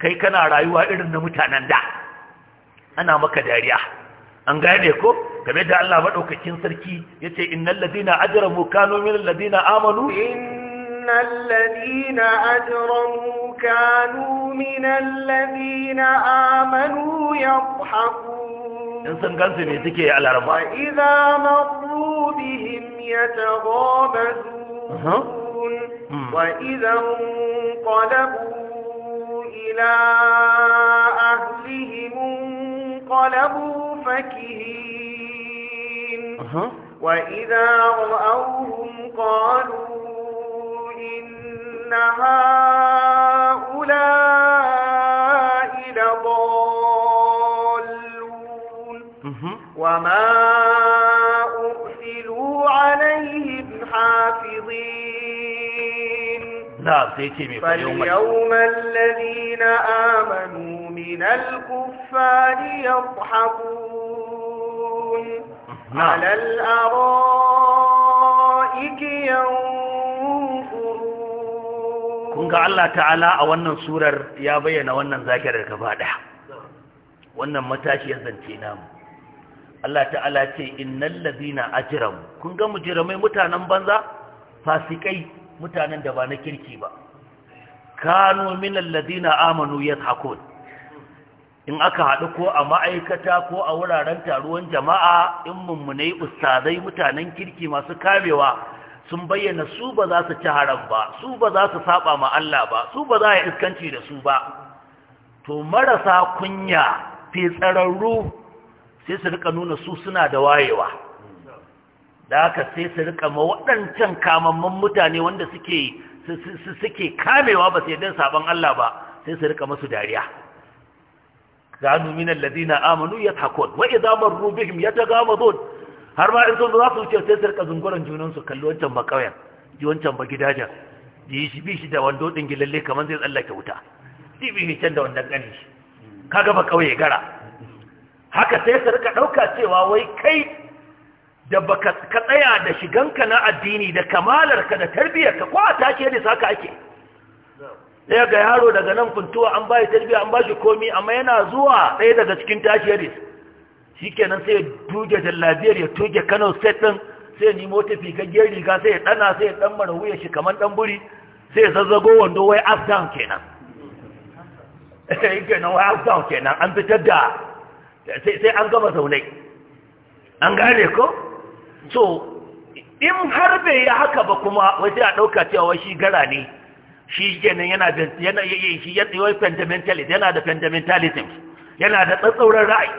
kai kana rayuwa irin na mutanen da ana maka dariya an gane ko game da Allah madaukakin sarki yace innal ladina ajramu kanu minal ladina amanu إن الذين أجرموا كانوا من الذين آمنوا يضحكون وإذا مروا بهم يتغامزون وإذا انقلبوا إلى أهلهم انقلبوا فكهين وإذا رأوهم قالوا إن هؤلاء لضالون وما أرسلوا عليهم حافظين نعم سيتي فاليوم الذين آمنوا من الكفار يضحكون نعم. على الأرائك ينظرون كنت الله تعالى أولا سورة يا بينا وانا ذاكر الكفادح وانا متاشي يزنتي نامو Allah ta'ala ce innal ladina ajramu kun ga mujrimai mutanen banza fasikai mutanen da ba na kirki ba kanu min alladhina amanu yadhakun in aka haɗu ko a ma'aikata ko a wuraren taruwan jama'a in mummunai ustazai mutanen kirki masu kamewa sun bayyana su ba za su ci haram ba su ba za su saba ma Allah ba su ba za a iskanci da su ba to marasa kunya tsararru sai su rika nuna su suna da wayewa da aka sai su rika ma waɗancan kamammun mutane wanda suke suke kamewa ba su yadda sabon Allah ba sai su rika masu dariya zanu min alladina amanu yathakun wa idza marru bihim yatagamadun har ma in sun za su wuce sai su rika zunguran junan su kalli wancan ba kauyen ji wancan ba gidajen ji shi bi shi da wando din gilalle kamar zai tsallake wuta ji bi shi can da wannan gani shi kaga ba kauye gara haka sai su rika dauka cewa wai kai da baka ka tsaya da shiganka na addini da kamalarka da tarbiyarka ko a take da saka ake ɗaya ga yaro daga nan kuntuwa an ba tarbiya an ba shi komi amma yana zuwa ɗaya daga cikin tashiyar. shi kenan sai ya tuge jallabiyar ya tuge kano state ɗin sai nemo ga fikaggiyar riga sai ya ɗana sai ya ɗan mara wuya shi kamar ɗan buri sai ya zazzago wando wai up kenan sai kenan wai up kenan an fitar da sai an gama zaunai an gane ko so in har bai yi haka ba kuma wai sai a ɗauka cewa shi gara ne shi kenan yana da yana shi yana fundamentalism yana da fundamentalism yana da tsatsauran ra'ayi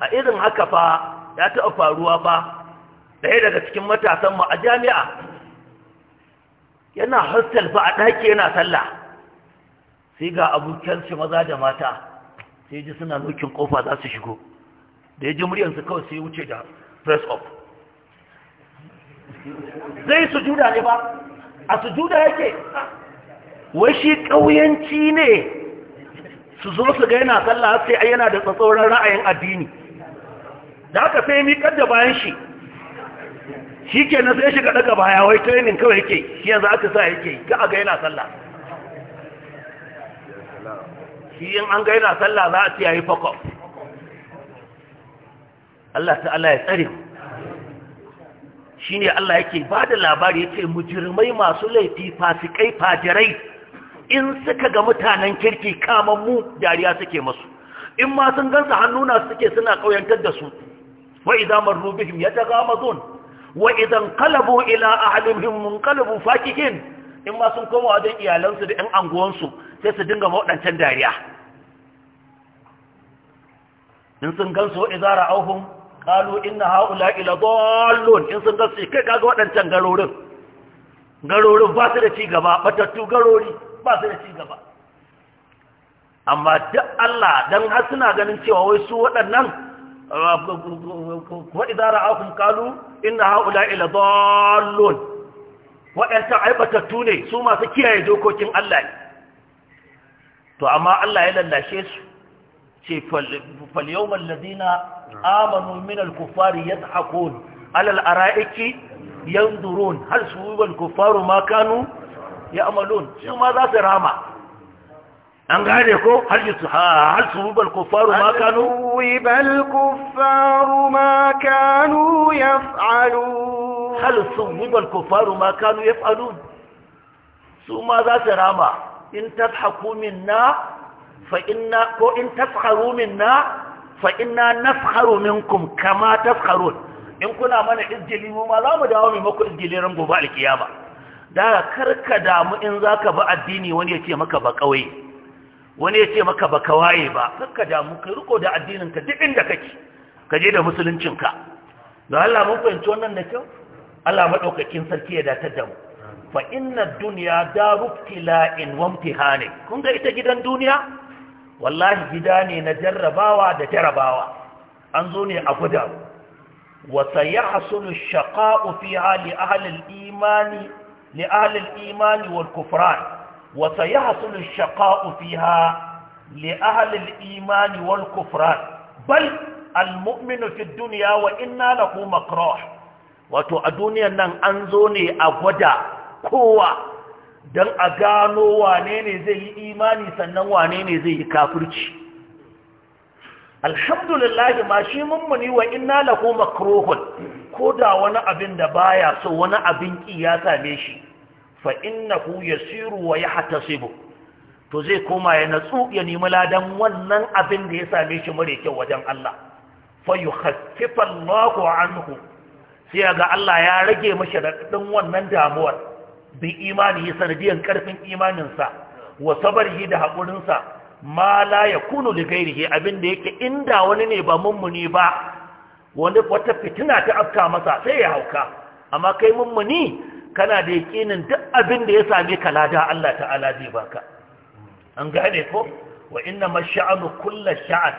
a irin haka fa ya taɓa faruwa ba. ɗaya daga cikin matasan mu a jami'a yana hostel fa a ɗaki yana sallah sai ga abokan shi maza da mata sai ji suna nukin kofa za su shigo da ya ji muryansu kawai sai wuce da press up zai sujuda ne ba a sujuda yake wai shi ƙauyenci ne su zo su ga yana sallah sai ai yana da tsatsauran ra'ayin addini da aka sai mi da bayan shi shi ke na sai shiga daga baya wai training kawai yake shi yanzu aka sa yake ga a ga yana sallah shi yin an ga yana sallah za a ce yi fakon Allah ta'ala ya tsare mu Shi ne Allah yake ba da labari ce mujirmai masu laifi fasikai fajirai in suka ga mutanen kirki kamar mu dariya suke masu in ma sun gansa hannuna suke suna kauyantar da su wa ya ta gama zon, wa idan kalabu ila ahlihim kalabu fakihin in ma sun koma wajen iyalansu da 'yan anguwansu sai su dinga waɗancan dariya in sun gansu wa izara auhun kalu inna ila dallun in sun gasi kai kaga waɗancan garorin garorin ba su da ci gaba batattu garori ba su da ci gaba amma duk Allah dan har suna ganin cewa wai su waɗannan wa idara akum kalu inna ila dallun waɗancan ai batattu ne su masu kiyaye dokokin Allah ne to amma Allah ya lallashe su فاليوم الذين نعم. آمنوا من الكفار يضحكون على الأرائك ينظرون هل سوى الكفار ما كانوا يعملون شو ماذا سرامة هل سوب الكفار ما كانوا سوى الكفار ما كانوا يفعلون هل سوب الكفار ما كانوا يفعلون ثم ماذا سرامة إن تضحكوا منا fa inna ko in tafharu minna fa inna nafharu minkum kama tafharun in kuna mana izgili mu za mu dawo mai maku izgili ran gobe alkiyama da karka damu in zaka ba addini wani ya maka ba kauye wani ya ce maka ba kawaye ba karka damu ka riko da addinin ka duk inda kake ka je da musuluncin ka da Allah mun fahimci wannan da kyau Allah madaukakin kun ga ita gidan duniya wallahi gida ne na jarrabawa da jarrabawa an zo ne a guda wata ya hasulu shaƙa'u fi hali ahalil imani li ahalil imani wal kufran wata ya hasulu shaƙa'u fi ha li ahalil imani wal kufran bal almu'minu fi duniya wa inna lahu makrah wato a duniyan nan an zo ne a gwada kowa don a gano wane ne zai yi imani sannan wane ne zai yi kafirci alhamdulillah ma shi mummuni wa inna lahu makruhun ko da wani abin da baya so wani abin ki ya same shi fa innahu yasiru wa yahtasibu to zai koma ya natsu ya nemi ladan wannan abin da ya same shi mare kyau wajen Allah fa yukhaffifa Allahu anhu sai ga Allah ya rage mashi radadin wannan damuwar bi imani sanadiyan karfin imaninsa wa sabarihi da haƙurinsa ma la ya kunu da gairihi abinda yake inda wani ne ba mummuni ba wani wata fitina ta afka masa sai ya hauka amma kai mummuni kana da yaƙinin duk abin da ya same ka lada Allah ta'ala zai baka an gane ko wa inna mashanu kullu sha'an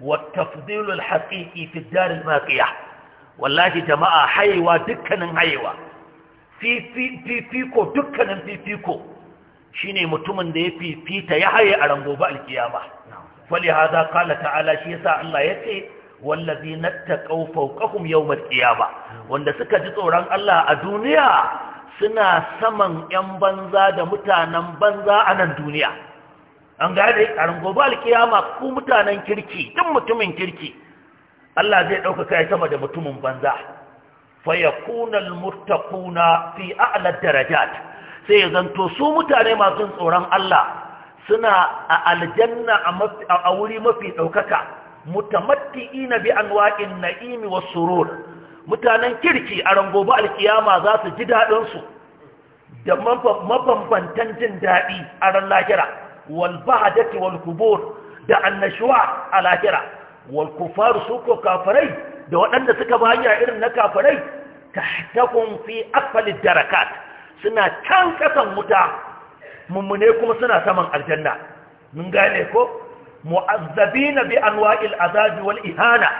wa tafdilul haqiqi fi dar al-baqiya wallahi jama'a hayewa dukkanin hayewa fifiko dukkanin fifiko shine mutumin da ya fifita ya haye a rangoba alkiyama fali hada kala ta'ala shi yasa Allah ya ce wallazi nattaqaw fawqahum yawm alqiyama wanda suka ji tsoron Allah a duniya suna saman yan banza da mutanen banza a nan duniya an gane a rangoba alkiyama ku mutanen kirki duk mutumin kirki Allah zai ɗaukaka ya sama da mutumin banza فيكون المتقون في اعلى الدرجات sai zanto su mutane masu tsoron Allah suna a aljanna a wuri mafi daukaka mutamattiina bi anwa'in na'imi was surur mutanen kirki a rangoba alkiyama za su ji daɗinsu. da mabambantan jin daɗi a ran lahira wal bahadati wal qubur da annashwa a lahira wal kufaru su ko kafirai da waɗanda suka ba hanya irin na kafirai tahtahum fi da darakat suna can kasan wuta mummune kuma suna saman aljanna mun gane ko na bi anwa'il azabi wal ihana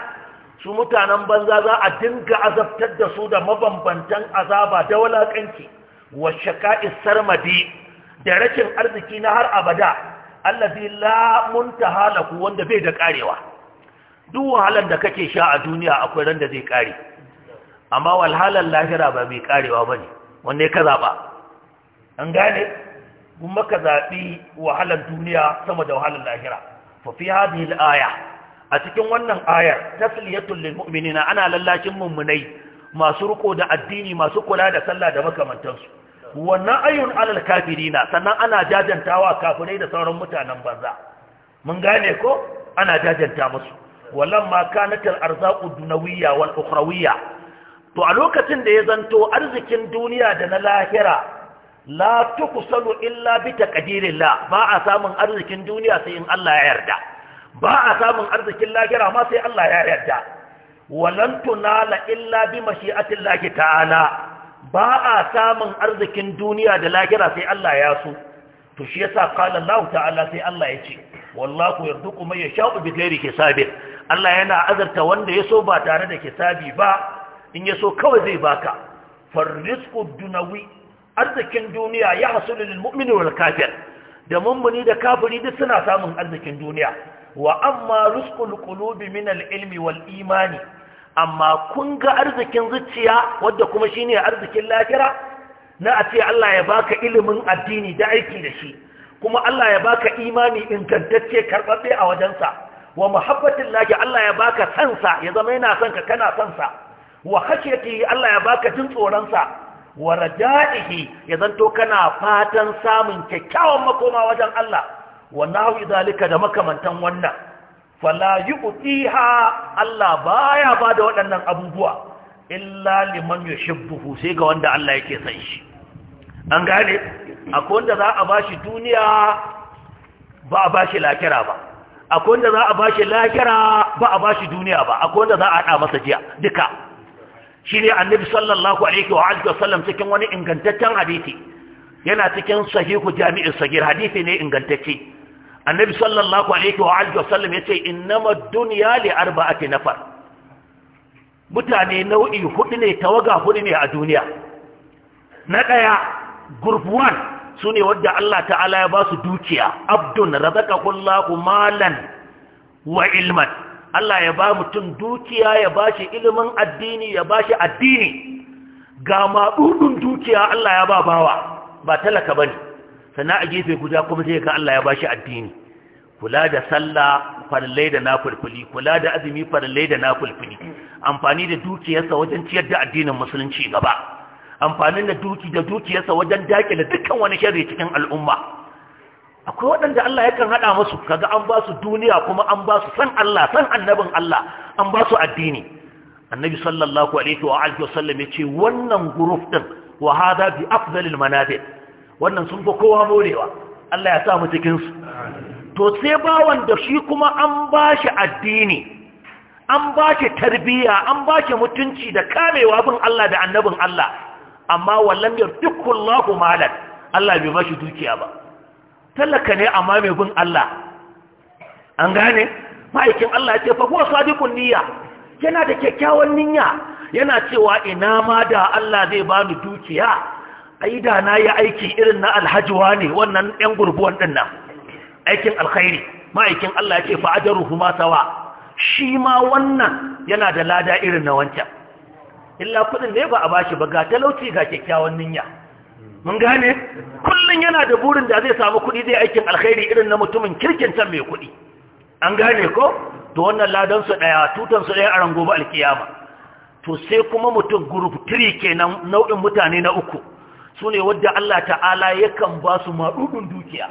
su mutanen banza za a dinga azabtar da su da mabambantan azaba da walakanci wa shaka'is sarmadi da rashin arziki na har abada allazi la muntaha lahu wanda bai da karewa duk wahalar da kake sha a duniya akwai ran da zai kare amma walhalar lahira ba mai karewa bane wanne ka zaba an gane mun maka zabi wahalar duniya sama da wahalar lahira fa fi hadhihi al-aya a cikin wannan ayar tasliyatul lil mu'minina ana lallacin mummunai masu riko da addini masu kula da sallah da makamantansu wannan ayyun alal kafirina sannan ana jajantawa kafirai da sauran mutanen banza mun gane ko ana jajanta musu walamma kanat al-arzaqu dunawiyya wal ukhrawiyya to a lokacin da ya zanto arzikin duniya da na lahira la tuqsalu illa bi taqdirillah ba a samun arzikin duniya sai in Allah ya yarda ba a samun arzikin lahira ma sai Allah ya yarda walan tunala illa bi mashi'atillahi ta'ala ba a samun arzikin duniya da lahira sai Allah ya so to shi yasa qala Allah ta'ala sai Allah ya ce wallahu yarzuqu man yasha'u bighairi hisabin Allah yana azarta wanda yaso ba tare da hisabi ba in yaso kawai zai baka farrizqu dunawi arzikin duniya ya hasulu lil mu'mini wal kafir da mummuni da kafiri duk suna samun arzikin duniya wa amma rizqul qulubi min al ilmi wal imani amma kun ga arzikin zuciya wadda kuma shine arzikin lafira na a ce Allah ya baka ilimin addini da aiki da shi kuma Allah ya baka imani ingantacce karɓaɓɓe a wajensa wa muhabbatin laki Allah ya baka sansa ya zama yana son ka kana sansa wa khashyati Allah ya baka jin tsoronsa wa raja'ihi ya zanto kana fatan samun kyakkyawan makoma wajen Allah wa nahwi zalika da makamantan wannan fala yu'tiha Allah baya bada waɗannan abubuwa illa liman yushibbuhu sai ga wanda Allah yake san shi an gane akwai wanda za a bashi duniya ba a bashi lakira ba akwai wanda za a bashi lakira ba a bashi duniya ba akwai wanda za a haɗa masa jiya duka shi ne annabi sallallahu alaihi wa alihi wasallam cikin wani ingantaccen hadisi yana cikin sahihu jami'in sagir hadisi ne ingantacce annabi sallallahu alaihi wa alihi wasallam yace innama dunya li arba'ati nafar mutane nau'i hudu ne tawaga hudu ne a duniya na ɗaya. group 1 sune wadda Allah ta'ala ya ba su dukiya abdun razaqahullahu malan wa ilman Allah ya ba mutum dukiya ya ba shi ilimin addini ya ba shi addini ga maɗuɗin dukiya Allah ya ba bawa ba talaka ba ne sana a gefe guda kuma sai ka Allah ya ba shi addini kula da sallah farallai da nafulfuli kula da azumi farallai da nafulfuli amfani da dukiyarsa wajen ciyar da addinin musulunci gaba amfanin da duki da dukiyarsa wajen dakile dukkan wani sharri cikin al'umma akwai waɗanda Allah yakan haɗa masu kaga an ba su duniya kuma an ba su san Allah san annabin Allah an ba su addini annabi sallallahu alaihi wa alihi wasallam ce wannan group din wa hada bi afdalil manabi wannan sun fi kowa morewa Allah ya sa mu cikin su to sai bawan da shi kuma an ba shi addini an ba shi tarbiyya an ba shi mutunci da kamewa bin Allah da annabin Allah amma wallan yar dukkullahu malan Allah bai bashi dukiya ba talaka ne amma mai bin Allah an gane ma'aikin Allah ya ce fa kuwa sadiqun niyya yana da kyakkyawan niyya yana cewa ina ma da Allah zai bani dukiya ai da na yi aiki irin na alhajiwa ne wannan yan gurbuwan din nan aikin alkhairi ma'aikin Allah ya ce fa ajruhuma sawa shi ma wannan yana da lada irin na wancan illa kudin ne ba a bashi ba ga talauci ga kyakkyawan niyya mun gane kullun yana da burin da zai samu kudi zai aikin alkhairi irin na mutumin kirkin can mai kudi an gane ko to wannan ladan su daya tutan su daya a rango ba alkiyama to sai kuma mutum group 3 kenan nau'in mutane na uku sune wanda Allah ta'ala yakan ba su madudun dukiya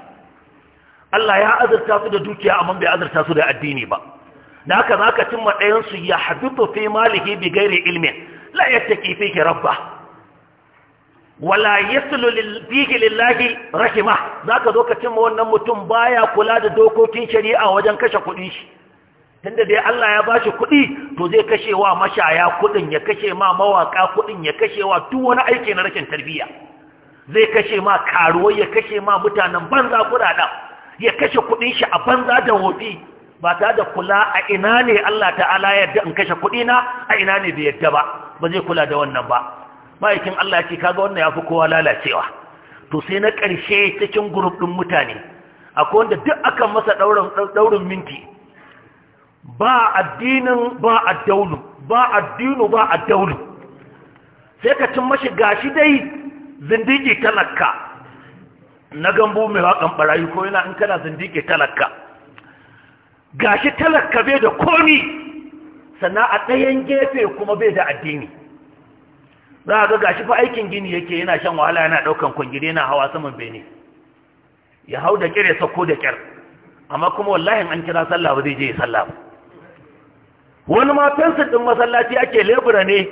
Allah ya azurta su da dukiya amma bai azurta su da addini ba da haka zaka cimma ɗayan su ya habitu fi malihi bi ghairi ilmin la yattaqi fiki rabba wala yaslu lillahi rahima zaka zo ka cimma wannan mutum baya kula da dokokin shari'a wajen kashe kuɗi shi tunda dai Allah ya bashi kuɗi to zai kashe wa mashaya kuɗin ya kashe ma mawaƙa kuɗin ya kashe wa duk wani aiki na rashin tarbiyya zai kashe ma karuwai ya kashe ma mutanen banza kuɗaɗa ya kashe kuɗin shi a banza da wofi ba ta da kula a ina ne Allah ta'ala yadda in kashe kuɗi na, a ina ne bai yadda ba ba zai kula da wannan ba ma'aikin Allah ce kaga wannan ya fi kowa lalacewa to sai na ƙarshe cikin guruf ɗin mutane akwai wanda duk aka masa ɗaurin minti ba addinin ba addaulu ba addinu ba addaulu sai ka cin mashi gashi dai zindigi talaka na gambo mai waƙan ɓarayi ko yana in kana zindigi talaka gashi talaka bai da komi sannan a ɗayan gefe kuma bai da addini za a ga gashi fa aikin gini yake yana shan wahala yana ɗaukan kwangire yana hawa saman bene ya hau da ƙyar ya sako da kyar amma kuma wallahi an kira sallah ba zai je ya sallah ba wani ma fensin ɗin masallaci ake lebura ne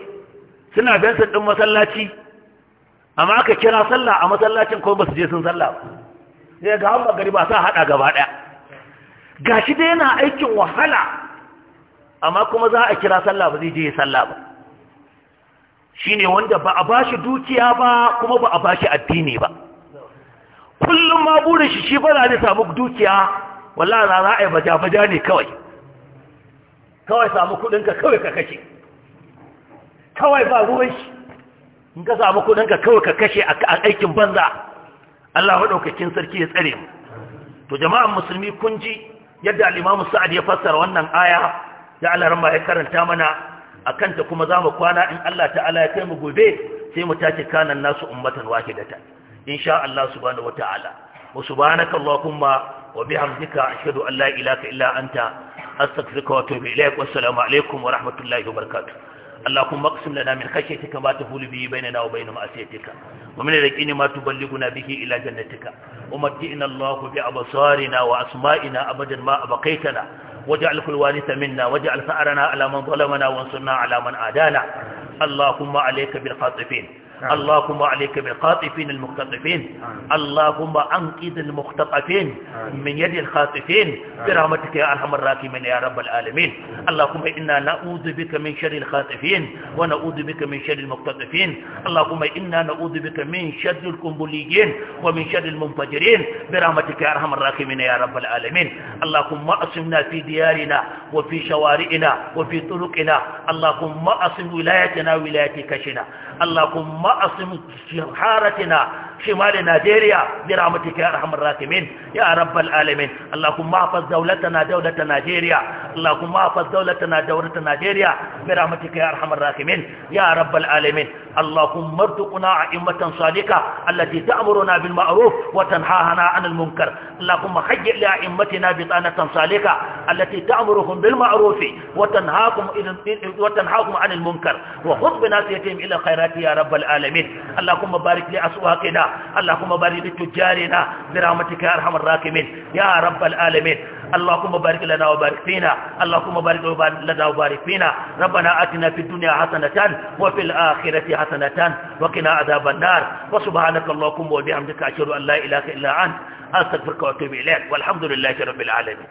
suna fensin ɗin masallaci amma aka kira sallah a masallacin ko ba su je sun sallah ba sai ga hamba gari ba sa haɗa gaba ɗaya gashi dai yana aikin wahala amma kuma za a kira sallah ba zai je ya sallah ba shine wanda ba a bashi dukiya ba kuma ba a bashi addini ba kullum ma burin shi shi ba za samu dukiya wallahi za a yi baja-baja ne kawai kawai samu kudinka kawai ka kashe kawai ba ruwan shi in ka samu kudinka kawai ka kashe a aikin banza Allah maɗaukakin sarki ya tsare mu to jama'an musulmi kun ji yadda al Sa'ad ya fassara wannan aya ya Allah ramma ya karanta mana a kanta kuma za mu kwana in Allah ta'ala ya kai mu gobe sai mu tashi kanan nasu ummatan wahidatan insha Allah subhanahu wata'ala wa subhanaka allahumma wa bihamdika ashhadu an la ilaha illa anta astaghfiruka wa atubu ilayk wa assalamu wa rahmatullahi wa barakatuh allahumma aqsim lana min khashyatika ma tahulu bihi bainana wa bain ma'siyatika wa min na ma tuballighuna bihi ila jannatika umatti inna allahu bi absarina wa asma'ina abadan ma abqaytana واجعل كل وارث منا واجعل ثأرنا على من ظلمنا وانصرنا على من عادانا اللهم عليك بالخاطفين اللهم عليك بالخاطفين المختطفين اللهم أنقذ المختطفين من يد الخاطفين برحمتك يا أرحم الراحمين يا رب العالمين اللهم إنا نعوذ بك من شر الخاطفين ونعوذ بك من شر المختطفين اللهم إنا نعوذ بك من شر القنبليين ومن شر المنفجرين برحمتك يا أرحم الراحمين يا رب العالمين اللهم أصمنا في ديارنا وفي شوارعنا وفي طرقنا اللهم أصم ولايتنا ولاية كشنا اللهم معصم في حارتنا shi ma najeriya jira mutuka ya rahamar rahimin ya rabbal alamin Allah kun mafa zaulata na daulata najeriya Allah kun munkar wa tanhaakum wa tanhaakum 'anil munkar ya rabbal alamin Allah kun اللهم بارك لتجارنا برحمتك يا ارحم الراحمين يا رب العالمين اللهم بارك لنا وبارك فينا اللهم بارك لنا وبارك فينا ربنا اتنا في الدنيا حسنه وفي الاخره حسنه وقنا عذاب النار وسبحانك اللهم وبحمدك اشهد ان لا اله الا انت استغفرك واتوب اليك والحمد لله رب العالمين